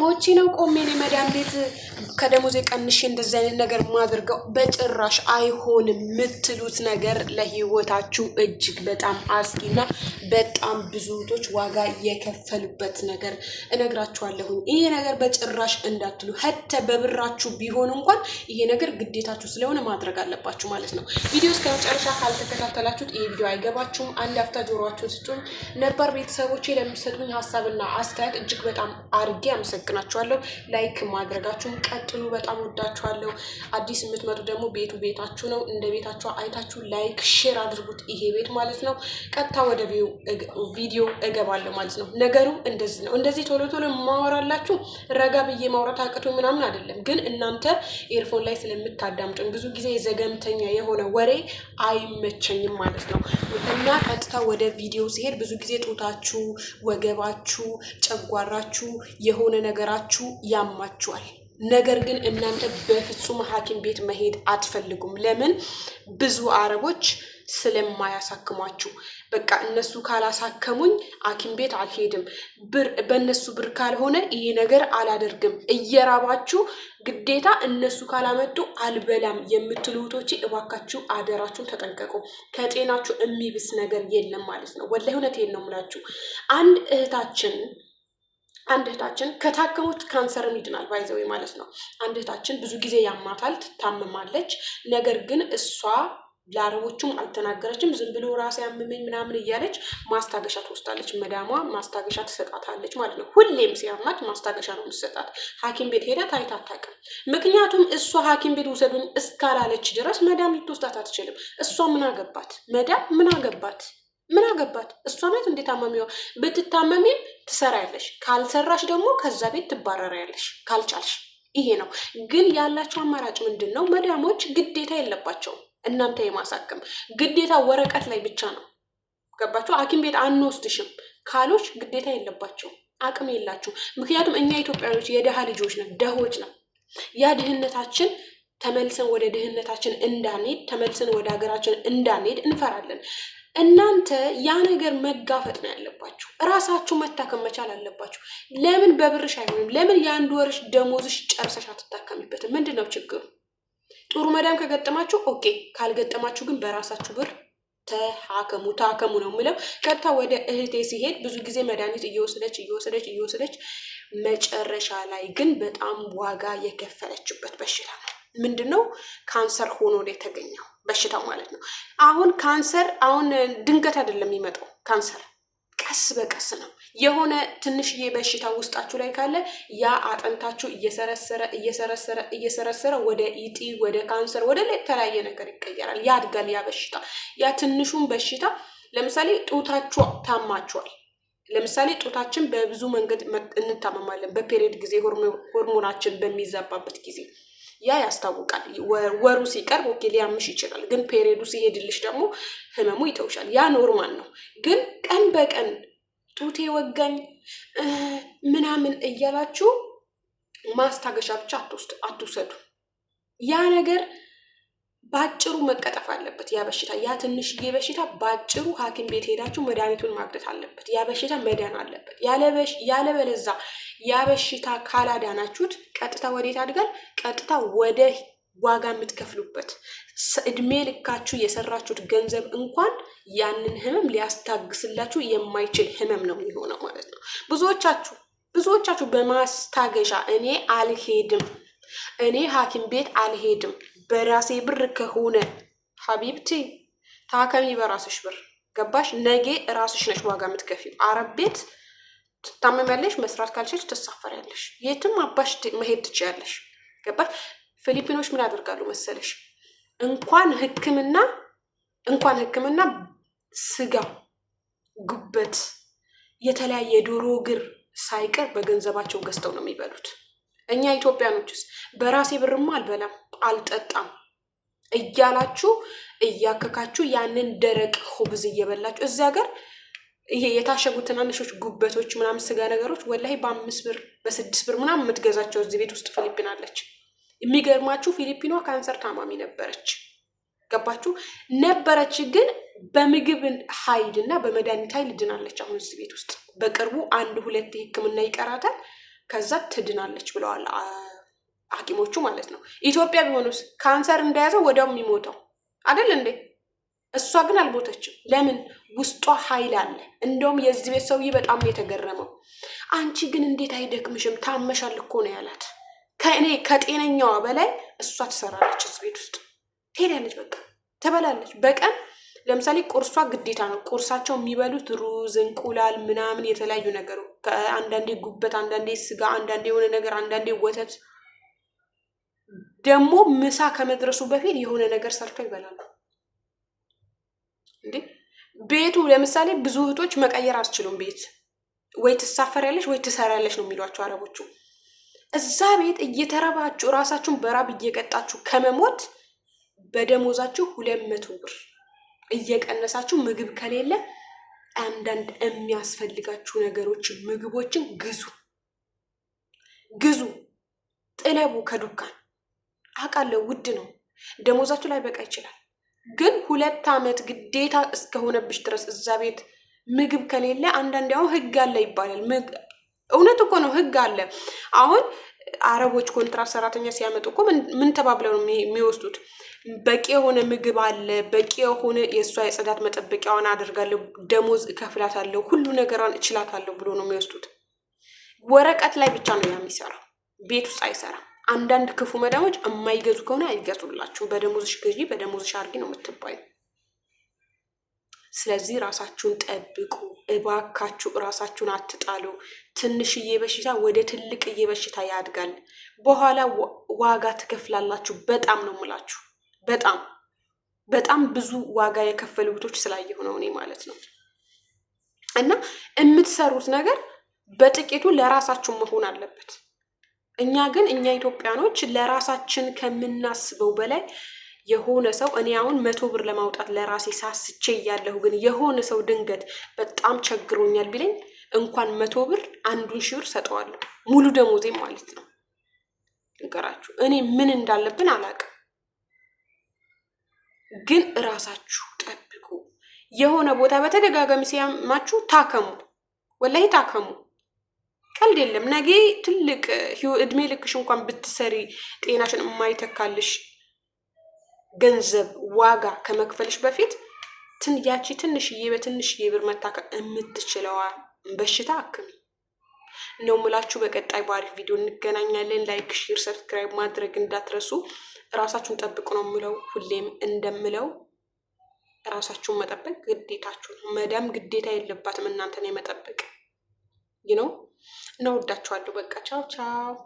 ሞቼ ነው ቆሜ ነው ቤት ከደሞዜ ቀንሽ እንደዚህ አይነት ነገር ማድርገው በጭራሽ አይሆንም። የምትሉት ነገር ለህይወታችሁ እጅግ በጣም አስጊና በጣም ብዙ እህቶች ዋጋ የከፈሉበት ነገር እነግራችኋለሁኝ። ይሄ ነገር በጭራሽ እንዳትሉ ሀተ በብራችሁ ቢሆን እንኳን ይሄ ነገር ግዴታችሁ ስለሆነ ማድረግ አለባችሁ ማለት ነው። ቪዲዮ እስከ መጨረሻ ካልተከታተላችሁት ይሄ ቪዲዮ አይገባችሁም። አንድ አፍታ ጆሮአችሁን ስጡኝ። ነባር ቤተሰቦቼ ለሚሰጡኝ ሀሳብና አስተያየት እጅግ በጣም አድርጌ አመሰግናችኋለሁ። ላይክ ማድረጋችሁን ቀጥሉ። በጣም ወዳችኋለሁ። አዲስ የምትመጡ ደግሞ ቤቱ ቤታችሁ ነው። እንደ ቤታችሁ አይታችሁ ላይክ ሼር አድርጉት። ይሄ ቤት ማለት ነው። ቀጥታ ወደ ቪው ቪዲዮ እገባለሁ ማለት ነው። ነገሩ እንደዚህ ነው። እንደዚህ ቶሎ ቶሎ ማወራላችሁ ረጋ ብዬ ማውራት አቅቶ ምናምን አይደለም፣ ግን እናንተ ኤርፎን ላይ ስለምታዳምጡኝ ብዙ ጊዜ ዘገምተኛ የሆነ ወሬ አይመቸኝም ማለት ነው እና ቀጥታ ወደ ቪዲዮ ሲሄድ ብዙ ጊዜ ጡታችሁ፣ ወገባችሁ፣ ጨጓራችሁ የሆነ ነገራችሁ ያማችኋል። ነገር ግን እናንተ በፍጹም ሐኪም ቤት መሄድ አትፈልጉም። ለምን ብዙ አረቦች ስለማያሳክሟችሁ በቃ እነሱ ካላሳከሙኝ ሐኪም ቤት አልሄድም፣ ብር በእነሱ ብር ካልሆነ ይሄ ነገር አላደርግም፣ እየራባችሁ ግዴታ እነሱ ካላመጡ አልበላም የምትሉ እህቶቼ እባካችሁ አደራችሁን ተጠንቀቁ። ከጤናችሁ የሚብስ ነገር የለም ማለት ነው። ወላሂ እውነቴን ነው የምላችሁ። አንድ እህታችን አንድ እህታችን ከታከሙት ካንሰርን ይድናል ባይዘዌ ማለት ነው። አንድ እህታችን ብዙ ጊዜ ያማታል፣ ትታመማለች። ነገር ግን እሷ ለአረቦቹም አልተናገረችም። ዝም ብሎ ራሴ ያመመኝ ምናምን እያለች ማስታገሻ ትወስዳለች። መዳሟ ማስታገሻ ትሰጣታለች ማለት ነው። ሁሌም ሲያማት ማስታገሻ ነው የምትሰጣት። ሐኪም ቤት ሄዳ ታይታ አታውቅም። ምክንያቱም እሷ ሐኪም ቤት ውሰዱን እስካላለች ድረስ መዳም ልትወስዳት አትችልም። እሷ ምን አገባት? መዳም ምን አገባት? ምን አገባት? እሷ ናት እንዴ ታማሚዋ። ብትታመሚም ትሰሪያለሽ፣ ካልሰራሽ ደግሞ ከዛ ቤት ትባረሪያለሽ ካልቻልሽ። ይሄ ነው ግን ያላቸው አማራጭ ምንድን ነው? መዳሞች ግዴታ የለባቸውም እናንተ የማሳከም ግዴታ ወረቀት ላይ ብቻ ነው። ገባቸው ሐኪም ቤት አንወስድሽም ካሎች ግዴታ የለባቸው አቅም የላችሁ። ምክንያቱም እኛ ኢትዮጵያኖች የድሃ ልጆች ነው፣ ደሆች ነው። ያ ድህነታችን ተመልሰን ወደ ድህነታችን እንዳንሄድ ተመልሰን ወደ ሀገራችን እንዳንሄድ እንፈራለን። እናንተ ያ ነገር መጋፈጥ ነው ያለባችሁ። እራሳችሁ መታከም መቻል አለባችሁ። ለምን በብርሽ አይሆንም? ለምን የአንድ ወርሽ ደሞዝሽ ጨርሰሽ አትታከሚበትም? ምንድን ነው ችግሩ? ጥሩ መዳም ከገጠማችሁ ኦኬ፣ ካልገጠማችሁ ግን በራሳችሁ ብር ተሐከሙ ታከሙ ነው የምለው። ቀጥታ ወደ እህቴ ሲሄድ ብዙ ጊዜ መድኃኒት እየወሰደች እየወሰደች እየወሰደች መጨረሻ ላይ ግን በጣም ዋጋ የከፈለችበት በሽታ ነው። ምንድን ነው ካንሰር ሆኖ ነው የተገኘው በሽታው ማለት ነው። አሁን ካንሰር አሁን ድንገት አይደለም የሚመጣው ካንሰር ቀስ በቀስ ነው። የሆነ ትንሽዬ በሽታ ውስጣችሁ ላይ ካለ ያ አጥንታችሁ እየሰረሰረ እየሰረሰረ እየሰረሰረ ወደ ኢጢ፣ ወደ ካንሰር፣ ወደ የተለያየ ነገር ይቀየራል። ያድጋል ያ በሽታ። ያ ትንሹን በሽታ ለምሳሌ ጡታችሁ ታማችኋል። ለምሳሌ ጡታችን በብዙ መንገድ እንታመማለን። በፔሪድ ጊዜ ሆርሞናችን በሚዛባበት ጊዜ ያ ያስታውቃል። ወሩ ሲቀርብ ኦኬ ሊያምሽ ይችላል፣ ግን ፔሪዮዱ ሲሄድልሽ ደግሞ ህመሙ ይተውሻል። ያ ኖርማል ነው። ግን ቀን በቀን ጡቴ ወጋኝ ምናምን እያላችሁ ማስታገሻ ብቻ አትውሰዱ። ያ ነገር ባጭሩ መቀጠፍ አለበት። ያ በሽታ ያ ትንሽዬ በሽታ ባጭሩ ሐኪም ቤት ሄዳችሁ መድኃኒቱን ማግኘት አለበት። ያ በሽታ መዳን አለበት። ያለበለዛ ያ በሽታ ካላዳናችሁት ቀጥታ ወዴት አድጋል? ቀጥታ ወደ ዋጋ የምትከፍሉበት እድሜ ልካችሁ የሰራችሁት ገንዘብ እንኳን ያንን ህመም ሊያስታግስላችሁ የማይችል ህመም ነው የሚሆነው ማለት ነው። ብዙዎቻችሁ ብዙዎቻችሁ በማስታገሻ እኔ አልሄድም፣ እኔ ሐኪም ቤት አልሄድም በራሴ ብር ከሆነ ሀቢብቲ ታከሚ በራስሽ ብር ገባሽ? ነገ ራስሽ ነሽ ዋጋ የምትከፊው። አረብ ቤት ትታመሚያለሽ፣ መስራት ካልቻልሽ ትሳፈሪያለሽ፣ የትም አባሽ መሄድ ትችያለሽ። ገባሽ? ፊሊፒኖች ምን ያደርጋሉ መሰለሽ? እንኳን ህክምና እንኳን ህክምና ስጋ፣ ጉበት፣ የተለያየ ዶሮ እግር ሳይቀር በገንዘባቸው ገዝተው ነው የሚበሉት። እኛ ኢትዮጵያኖችስ በራሴ ብርማ አልበላም አልጠጣም እያላችሁ እያከካችሁ ያንን ደረቅ ሁብዝ እየበላችሁ እዚ ሀገር ይሄ የታሸጉ ትናንሾች ጉበቶች ምናምን ስጋ ነገሮች ወላሂ በአምስት ብር በስድስት ብር ምናምን የምትገዛቸው እዚህ ቤት ውስጥ ፊሊፒን አለች። የሚገርማችሁ ፊሊፒኗ ካንሰር ታማሚ ነበረች። ገባችሁ ነበረች፣ ግን በምግብ ኃይል እና በመድኃኒት ኃይል ድናለች። አሁን እዚህ ቤት ውስጥ በቅርቡ አንድ ሁለት ሕክምና ይቀራታል። ከዛ ትድናለች ብለዋል ሐኪሞቹ ማለት ነው። ኢትዮጵያ ቢሆኑስ ካንሰር እንደያዘው ወዲያው የሚሞተው አደል እንዴ? እሷ ግን አልሞተችም። ለምን? ውስጧ ኃይል አለ። እንደውም የዚህ ቤት ሰውዬ በጣም የተገረመው አንቺ ግን እንዴት አይደክምሽም? ታመሻል እኮ ነው ያላት። ከእኔ ከጤነኛዋ በላይ እሷ ትሰራለች እዚህ ቤት ውስጥ ትሄዳለች፣ በቃ ትበላለች በቀን ለምሳሌ ቁርሷ ግዴታ ነው። ቁርሳቸው የሚበሉት ሩዝ፣ እንቁላል ምናምን የተለያዩ ነገሩ አንዳንዴ ጉበት፣ አንዳንዴ ስጋ፣ አንዳንዴ የሆነ ነገር፣ አንዳንዴ ወተት። ደግሞ ምሳ ከመድረሱ በፊት የሆነ ነገር ሰርተው ይበላሉ። እንዴ ቤቱ ለምሳሌ ብዙ እህቶች መቀየር አስችሉም ቤት ወይ ትሳፈሪያለሽ ወይ ትሰሪያለሽ ነው የሚሏቸው አረቦቹ። እዛ ቤት እየተረባችሁ እራሳችሁን በራብ እየቀጣችሁ ከመሞት በደሞዛችሁ ሁለት መቶ ብር እየቀነሳችሁ ምግብ ከሌለ አንዳንድ የሚያስፈልጋችሁ ነገሮችን ምግቦችን ግዙ ግዙ፣ ጥለቡ ከዱካን አውቃለሁ፣ ውድ ነው። ደሞዛችሁ ላይ በቃ ይችላል፣ ግን ሁለት ዓመት ግዴታ እስከሆነብሽ ድረስ እዛ ቤት ምግብ ከሌለ አንዳንድ አሁን ህግ አለ ይባላል። እውነት እኮ ነው፣ ህግ አለ። አሁን አረቦች ኮንትራት ሰራተኛ ሲያመጡ እኮ ምን ተባብለው ነው የሚወስዱት? በቂ የሆነ ምግብ አለ፣ በቂ የሆነ የእሷ የጽዳት መጠበቂያዋን አደርጋለሁ፣ ደሞዝ እከፍላታለሁ፣ ሁሉ ነገሯን እችላታለሁ ብሎ ነው የሚወስዱት። ወረቀት ላይ ብቻ ነው ያ የሚሰራው፣ ቤት ውስጥ አይሰራም። አንዳንድ ክፉ መዳሞች የማይገዙ ከሆነ አይገዙላችሁም። በደሞዝሽ ግዢ፣ በደሞዝሽ አርጊ ነው የምትባዩ። ስለዚህ ራሳችሁን ጠብቁ፣ እባካችሁ ራሳችሁን አትጣሉ። ትንሽዬ በሽታ ወደ ትልቅዬ በሽታ ያድጋል። በኋላ ዋጋ ትከፍላላችሁ። በጣም ነው የምላችሁ። በጣም በጣም ብዙ ዋጋ የከፈሉ እህቶች ስላየሁ ነው እኔ ማለት ነው። እና የምትሰሩት ነገር በጥቂቱ ለራሳችሁ መሆን አለበት። እኛ ግን እኛ ኢትዮጵያኖች ለራሳችን ከምናስበው በላይ የሆነ ሰው እኔ አሁን መቶ ብር ለማውጣት ለራሴ ሳስቼ እያለሁ ግን የሆነ ሰው ድንገት በጣም ቸግሮኛል ቢለኝ እንኳን መቶ ብር አንዱን ሺህ ብር ሰጠዋለሁ ሙሉ ደሞዜም ማለት ነው። ንገራችሁ እኔ ምን እንዳለብን አላውቅም። ግን እራሳችሁ ጠብቁ። የሆነ ቦታ በተደጋጋሚ ሲያማችሁ ታከሙ፣ ወላሂ ታከሙ። ቀልድ የለም። ነገ ትልቅ እድሜ ልክሽ እንኳን ብትሰሪ ጤናሽን የማይተካልሽ ገንዘብ ዋጋ ከመክፈልሽ በፊት ያቺ ትንሽዬ በትንሽዬ ብር መታከም የምትችለዋ በሽታ አክሚ። ነው ምላችሁ። በቀጣይ በአሪፍ ቪዲዮ እንገናኛለን። ላይክ፣ ሼር፣ ሰብስክራይብ ማድረግ እንዳትረሱ። ራሳችሁን ጠብቁ ነው የምለው፣ ሁሌም እንደምለው ራሳችሁን መጠበቅ ግዴታችሁ ነው። መዳም ግዴታ የለባትም እናንተን የመጠበቅ ይነው። እወዳችኋለሁ። በቃ ቻው ቻው።